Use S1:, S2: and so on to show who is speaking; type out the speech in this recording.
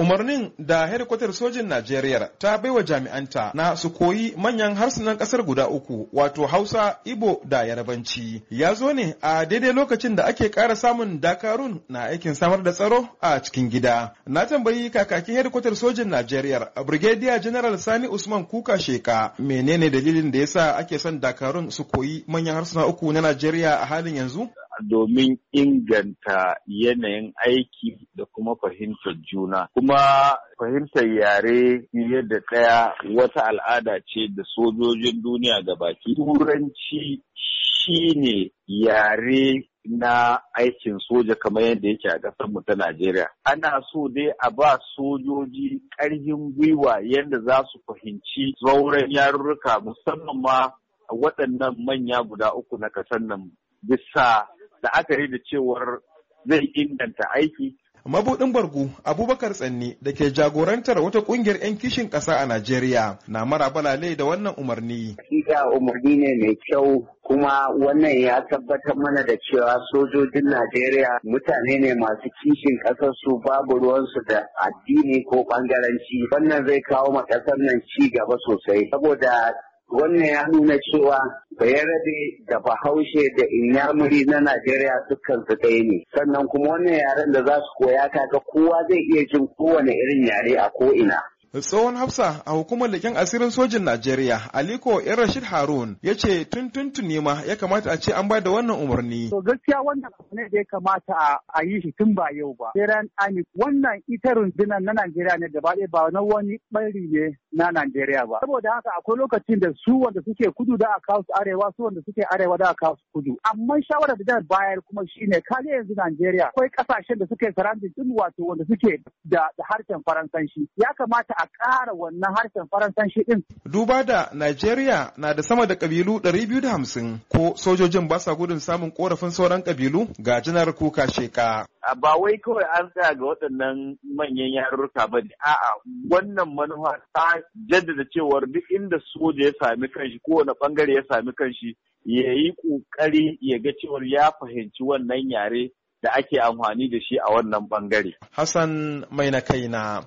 S1: Umarnin da hedikwatar sojin Najeriya ta baiwa jami'anta na su koyi manyan harsunan kasar guda uku wato Hausa, Igbo da yarbanci Ya zo ne a daidai lokacin da ake ƙara samun dakarun na aikin samar da tsaro a cikin gida. Na tambayi kakakin hedikwatar sojin Najeriya Brigadier General Sani Usman Kuka Sheka menene dalilin da yasa ake son dakarun su koyi manyan harsuna uku na Najeriya a halin yanzu?
S2: domin inganta yanayin aiki da kuma fahimtar juna. Kuma fahimtar yare yadda ɗaya wata al'ada ce da sojojin duniya ga baki. Turanci shi ne yare na aikin soja kamar yadda yake a ƙasarmu ta Najeriya. Ana so dai a ba sojoji ƙarfin gwiwa yadda za su fahimci zauren yarurruka musamman ma waɗannan manya guda uku na ƙasar nan bisa la'akari da cewar zai inganta aiki.
S1: Mabuɗin bargu Abubakar Tsanni da ke jagorantar wata ƙungiyar 'yan kishin ƙasa a Najeriya na mara balale da wannan umarni.
S3: Hakika umarni ne mai kyau kuma wannan ya tabbatar mana da cewa sojojin Najeriya mutane ne masu kishin ƙasarsu babu ruwansu da addini ko ɓangaranci. Wannan zai kawo ma ƙasar nan ci gaba sosai. Saboda Wannan ya nuna cewa Bayarabe da Bahaushe da Inyamuri na Najeriya dukkan su ɗaya ne. Sannan kuma wannan yaren da za su koya kaga kowa zai iya jin kowane irin yare a ko'ina.
S1: Tsohon Hafsa a hukumar leken asirin sojin Najeriya, Aliko ‘yan Rashid Harun ya ce tun tun ma ya kamata a ce an ba da wannan umarni. To gaskiya wannan abu ne da ya kamata a yi shi tun ba yau ba. ran
S4: ani wannan ita rundunar na Najeriya ne gaba ɗaya ba na wani ɓari ne na Najeriya ba. Saboda haka akwai lokacin da su wanda suke kudu da aka kawo su arewa su wanda suke arewa da aka kawo su kudu. Amma shawarar da zan bayar kuma shi ne kale yanzu Najeriya akwai ƙasashen da suke sarandin wato wanda suke da harshen Faransanci.
S1: Ya kamata a ƙara wannan harshen faransanci ɗin. Duba da Najeriya na da sama da ƙabilu hamsin, ko sojojin ba sa gudun samun ƙorafin sauran ƙabilu ga janar kuka sheka.
S2: Ba wai kawai an tsaya ga waɗannan manyan yarurruka ba ne, a'a wannan manufa ta jaddada cewar duk inda soja ya sami kanshi kowane ɓangare ya sami kanshi ya yi ƙoƙari ya ga cewar ya fahimci wannan yare da ake amfani da shi a wannan bangare.
S1: Hassan mai na kaina